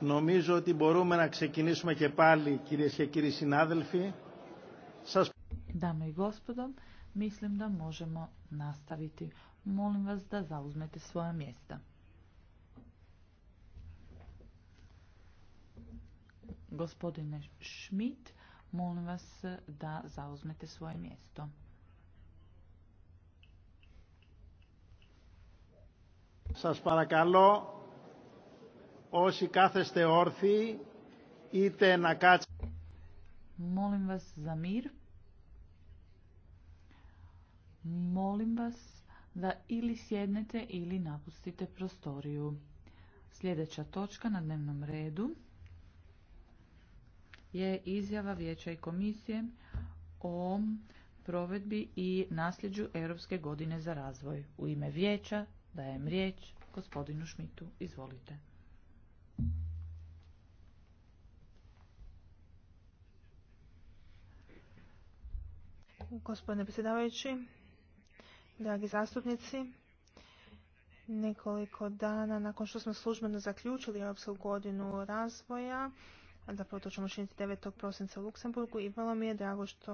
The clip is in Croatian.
no ότι μπορούμε να ξεκινήσουμε pali πάλι, i gospodo, mislim da možemo nastaviti. Molim vas da zauzmete svoja mjesta. Gospodine Schmidt, molim vas da zauzmete svoje mjesto. Σας παρακαλώ Όσοι κάθεστε όρθιοι, na Molim vas za mir. Molim vas da ili sjednete ili napustite prostoriju. Sljedeća točka na dnevnom redu je izjava Vijeća i komisije o provedbi i nasljeđu Europske godine za razvoj. U ime Vijeća dajem riječ gospodinu Šmitu. Izvolite. Gospodine predsjedavajući, dragi zastupnici, nekoliko dana nakon što smo službeno zaključili Europsku godinu razvoja, zapravo to ćemo činiti 9. prosinca u Luksemburgu, i vrlo mi je drago što